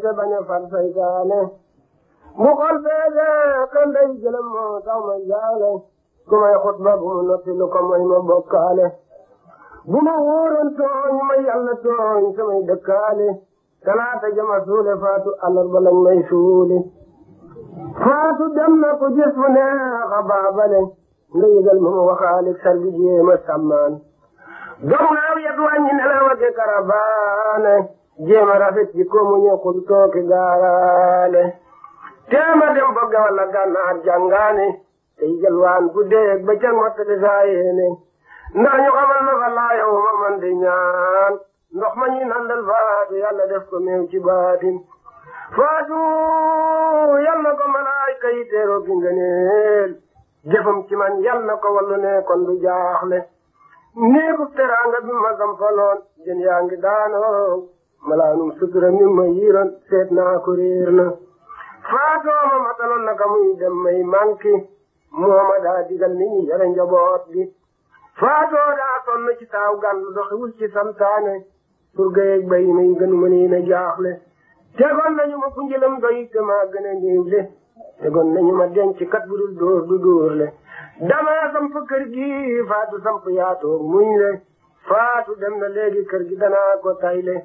te bañ a far saytaane mu xool feege ka ndey jëlam moo tax ma jaale ku may xutba bu mu noppi lu ko mooy ma bokkaale bu ma wóoroon tooñ ma yàlla tooñ samay dëkkaale talaata jama suule faatu àllarba lañ may suuli faatu dem na ku gis mu neex a baabale nga yëgal ma ma waxaalik sarbi jéema sàmmaan dox naaw yet wàññi nelaw ak karabaane jéem a rafet ji mu ñëw ko du tooke gaaraale téema dem ba gawal la gànnaar jàngaane tey jalwaan guddee ak bëccëg mottali saa yéene ndax ñu xamal fa laa yow ma ñaan ndox ma ñuy nandal faatu yàlla def ko meew baatin faatu yàlla ko malaayka yi teeroo gi ngëneel jëfam ci man yàlla ko wallu ne kon du jaaxle néegu teraanga bi ma sampaloon jën yaa ngi daanoo malaanum sutura mi ma yiiroon seet naa ko réer na faatooma mataloon naka muy dem may manki mooma daa digal ni ñu yore njaboot gi faatoo daa sonn ci taaw gànn doxiwul ci santaane pour gayeeg bay nay gënu ma nee na jaaxle tegoon nañu ma ku njëlam doy gën a néew le tegoon nañu ma denc kat bu dul dóor du dóor le dama samp kër gi faatu samp yaatoo muñ le faatu dem na léegi kër gi danaa ko tay le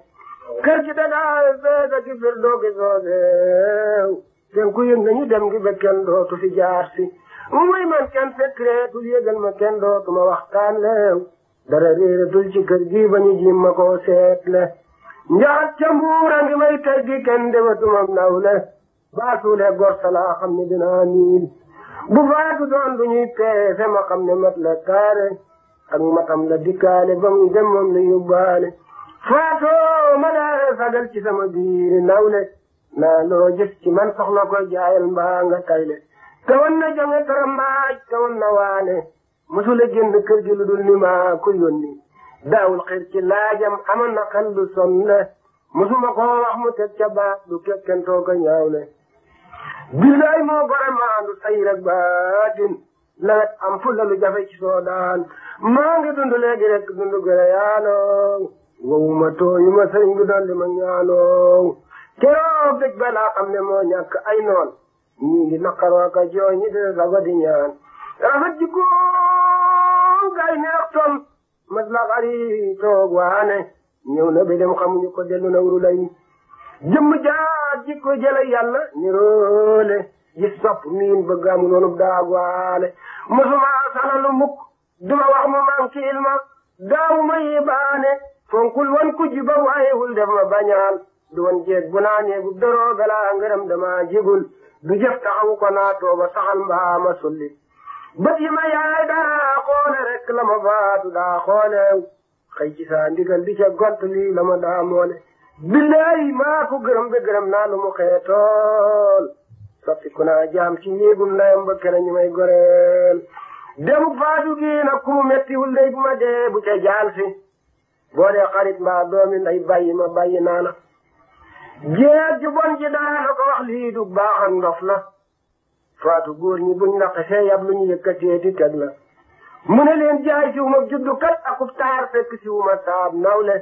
kër gi danaa béega ci biir doogi sooseew ten ku yëg nañu dem gi ba kenn dootu fi jaar si mu may man kenn secretul yëgal ma kenn dootu ma waxtaan leew dara réeratul ci kër gi ba ñu jim ma koo seetle njaat ca mbuura ngi may kër gi kenn déwatumam nawle baasuule gor salaa xam ne dinaa niil bu faatu doon du ñuy peese ma xam ne mat la kaare ak matam la dikkaale ba muy dem moom la yóbbaale faatoo ma daa sagal ci sama biir naw le naa loo gis ci man soxla ko jaayal mbaa nga tayle te woon na jonge te woon na waane mosula gi lu dul ni maa ko yónni daawul xir ci laajam amoon na xel lu sonne mosuma ko wax mu teg baat du kekkentoo ko ñaawle billaay moo gore maandu say rek baatin lawet am fu la lu jafe ci soo daan maa ngi dund léegi rek dund gore wowuma tooyuma sëriñ bi dolli ma ñaanoow keroog dëj ba xam ne moo ñàkk ay noon ñii ngi naqaroo ka jooy ñi de sago di ñaan rafet ji góom gay ne mas la xari toog waane ñëw na belem xamuñu ko dellu na wuru lay jëmm jaat jikko jële yàlla niroole ji sopp miin bëgg amu noonu daag waale mosuma salalu mukk duma wax mu mankiil ma daawu ma yibaane fonkul won kujj ba mu ayewul def ma bañaan du won jeeg bu naaneegub doroo dama jigul du jëf taxawu ko naa tooba saxal mbaa sulli bët yi ma yaay xoole rek la ma baatu daa xooleew xëy ci saa ndigal ca gont la ma daa moole billaay maa ko gërëm ba gërëm naa lu mu xeetool soppiku naa jaam ci néegum ndayam ba kere ñu may goreel demuk faatu gi nag ku mu mettiwul day bu ma dee ca jaal si boo dee xarit mbaa doomi nday bàyyi ma bàyyi naa la jéeg ju bon ji dara la ko wax lii du baax ak ndof faatu góor ñi buñ la xasee yab lu ñu yëkkatee di teg mu ne leen jaay si wu ma juddu kat akub taar fekk si wu saab nawle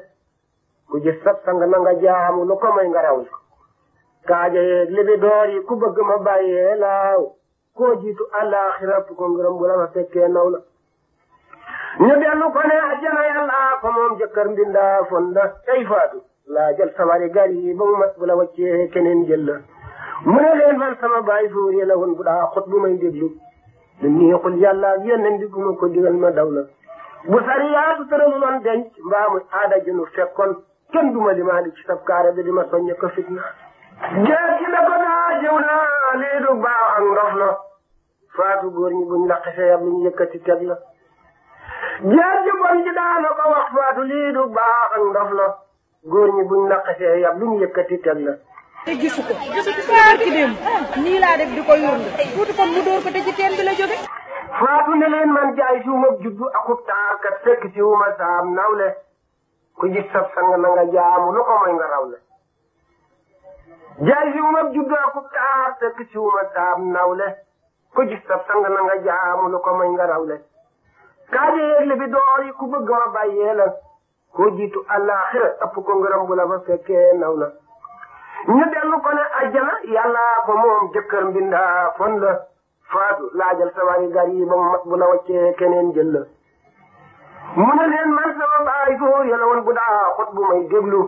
ku gis sab sang jaamu lu ko may nga raw la kaaja yeeg libi door yi ku bëgg ma bàyyee laaw koo jiitu àllaaxira ko ngërëm bu la ma fekkee ñu dellu ko ne ajjana yàlla jëkkër mbindaa fon la tey faatu laa jël samari yi ba mu mat bu la wàccee keneen jël la mu ne leen man sama baay fuur yi la woon bu daa bu may déglu lu neexul yàlla ak yónneen bi bu ma ko digal ma daw la bu sariyaatu tëraluloon denc mbaa muy aada junu fekkoon kenn duma li maa di ci bi di ma soññ ko fitna géej gi na ko daa jëw lii du baaw ak ndof faatu góor ñi buñ la xesee yàlla ñu yëkkati teg jeer ju bon ji daana ko wax faatu lii du baax ak ndof la góor ñi buñ naqasee yab duñ yëkkati teg la te gisu ko gisu ko saar ki dem nii laa def di ko yónni tuuti kon mu dóor ko te ci teen bi faatu ne leen man jaay suuma juddu akub taar kat fekk si wuma saam nawle gis sab sang na nga jaamu ko mooy le ku gis sab sang na jaamu lu ko mooy nga raw le kaa ji yéegle bi door yi ku bëgg ma bàyyee la koo jiitu àllaaxira ëpp ko ngërëm bu la fekkee naw na ñu dellu ko ne ajjana yàllaa ko moom jëkkër mbindaa fon la faatu laajal sawaari gar yi bu la waccee keneen jël la mu ne leen man sama baay foo yàlla woon bu daa xot bu may déglu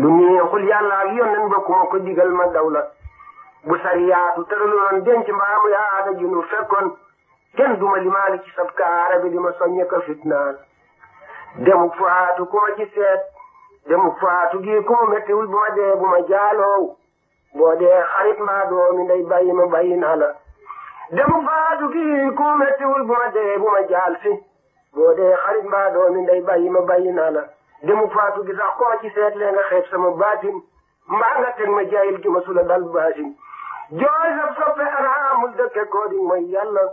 lu neexul yàlla ak yónneen ba ku ma ko digal ma daw bu sariyaatu tëralu noon denc mbaamu yaata junu fekkoon kenn duma limaale ci sab kaara bi di ma soññe ko fitnaan demuk faatu ku ma ci seet faatu gii ku mu mettiwul bu ma dee bu ma jaaloow boo dee xarit maa doomi nday bàyyi ma bàyyi naa la demuk faatu gii ku mu mettiwul bu ma dee bu ma jaal si boo dee xarit maa doomi nday bàyyi ma bàyyi naa la demuk faatu gi sax ku seet lee nga xeeb sama baatin mbaa nga teg ma jaayil gi ma sula dal baatin jooy sab soppe arhaamul dëkke koo di mooy yàlla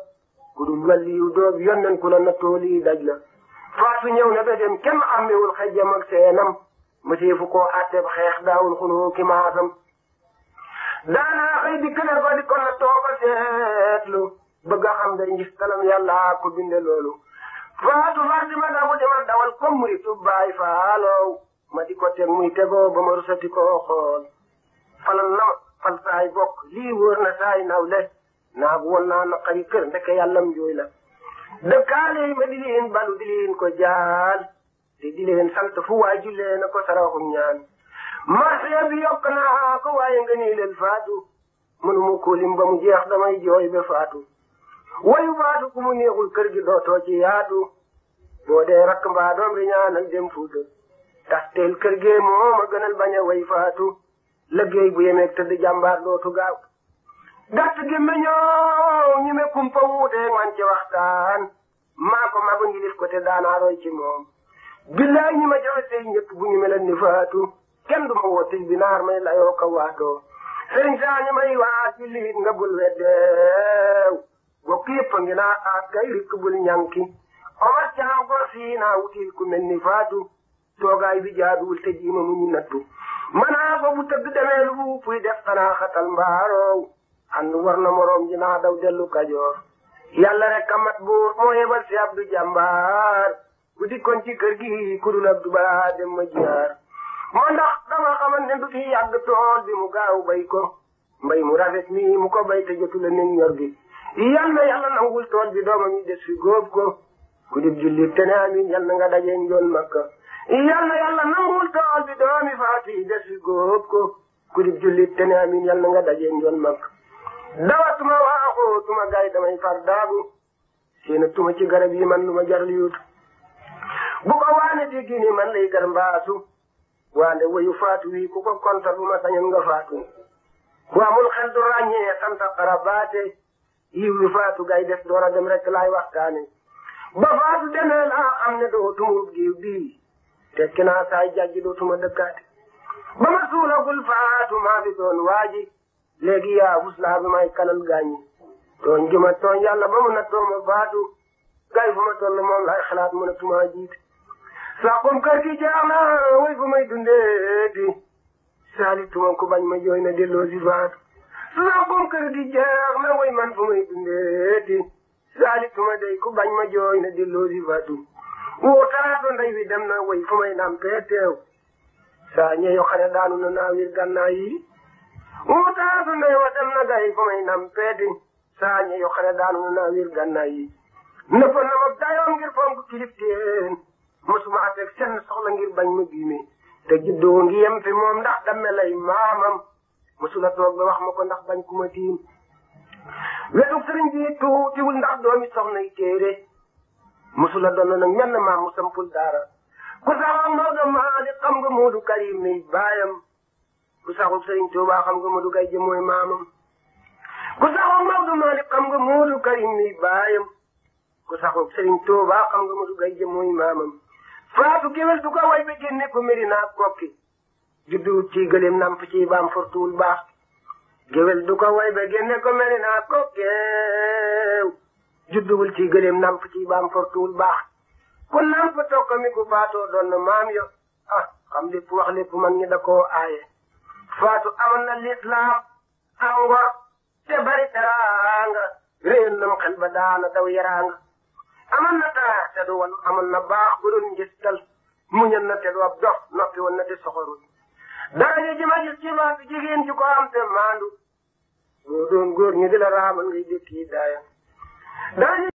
ku dul waliyu doob yonnan ku la nattoo lii daj la faatu ñëw na ba dem kenn àmmewul xajjam ak seenam mëteefu koo àtteeb xeex daawul xunoo maasam daanaa xëy di kële ba di ko nattoo ba seetlu bëgg a xam day ngis talam yàlla ko binde loolu faatu Fatima daw demal dawal comme muri tubbaay faaloow ma di teg muy tegoo ba ma rusati koo xool falal na fal saay bokk lii wóor na saay nawle naagu woon naa naqari kër ndeke yàllam jooy la dëkkaale yi ma di balu di leen ko jaal te di leen sant fu waay na ko saraxum ñaan marché bi yokk naa ko waaye nga faatu mënuma ko ba mu jeex damay jooy ba faatu wayu baatu ku mu neexul kër gi dootoo yaatu boo dee rakk mbaa doom bi dem fuuta tasteel kër gee moo ma gënal way faatu liggéey bu yemeeg tëdd jàmbaar dootu gaaw gàtt gémmiñoo ñu ne kumpa wuuteeg man ci waxtaan maa ko magu ko te daanaa ci moom. billaay ñi ma joxe tey njëkk bu ñu meloon ni faatu kenn du ma woo tey bi naar may layoo ka waatoo. sëriñ saa may waat ci nga bul weddeew bokk yëpp a ngi naa aat kay rikk bul ñànki. Omar Thiam gor sii naa wutil ku mel ni faatu toogaay bi jaaduwul te jiima mu ñu nattu. manaa ba bu tëgg demee lu puy def xatal mbaaroow. ànd war na moroom ji naa daw dellu kajoor yàlla rek amat buur moo yebal si abdu jàmbaar bu dikkoon ci kër gi kudul abdu balaa dem ma jaar moo ndax dama xamante ne du fi yàgg tool bi mu gaaw bay ko mbay mu rafet mi mu ko bay te jotul a nen ñor gi yàlla bi doomam yi des te nangul tool bi doomi faati des fi góob ko ku dib jullit te ne amin yàlla nga dajee njool makka dawatuma waaxoo tuma gaay damay far daagu seena tuma ci garab yi man lu ma jar liyut bu ko waane di gini man lay gar mbaasu waande wayu faatu wi ku ko kontal bu ma sañoon faatu ku amul xel du ràññee xanta xarabaate yiw yu faatu gay def door a dem rek laay waxtaane ba faatu demee laa xam ne doo tumurub giiw bii tekki naa saay doo tuma dëkkaate ba ma suulagul faatu maa fi doon waaji léegi yaa wuslaa bi may kanal gaañu tooñ ma tooñ yàlla ba mu nattoo ma baatu gay fu ma toll moom laay xalaat ne tuma jiit saa kom kër gi jeex na way fu may dundee di saali tuma bañ ma jooy na delloo si baatu saa kom gi jeex na way man fu may dundee di saali tuma day ko bañ ma jooy na delloo si baatu wóotaatu ndey wi dem na way fu may nampee teew saa ñe yoo ne daanu na naa wir gànnaay mu taasu ndey wa dem na nam peeti saañe yoo xam ne daanu naa wér gànnaay yi nëfa na ma dayoon ngir fonk kilifteen mosuma teg seen soxla bañ ma biime te juddoo ngi yem fi moom ndax dame lay maamam mosula toog ba wax ma ko ndax bañ ku ma tiim wetu sëriñ bi ndax doomi soxna yi téere mosula doon nag menn maam mu sampul daara ku saxoon moo ga maa di xam nga baayam ku saxul Sëriñ Tuubaa xam nga Modou Gaye mooy maamam ku saxul Maodo Malick xam nga Modou Karim mi baayam ku saxul Sëriñ Tuubaa xam nga Modou Gaye mooy maamam faatu ko way ba génne ko Medina Kokki judduwut ci gëléem namp ci baam fortuwul ba ko Medina Kokkeew judduwul mi ku faatoo doon na maam yo ah xam lépp wax lépp man ñi da koo aaye faatu amoon na lislaam ak ngor te bari teraanga réyoon nam xel ba daana daw yaraanga na taax te du woon na baax bu doon njëstal muñoon na te du ab dof na te soxorul daraja ji ma gis ci baatu jigéen ci ko am te maandu moo doon góor ñi di la raamal ngay dékk yi daayam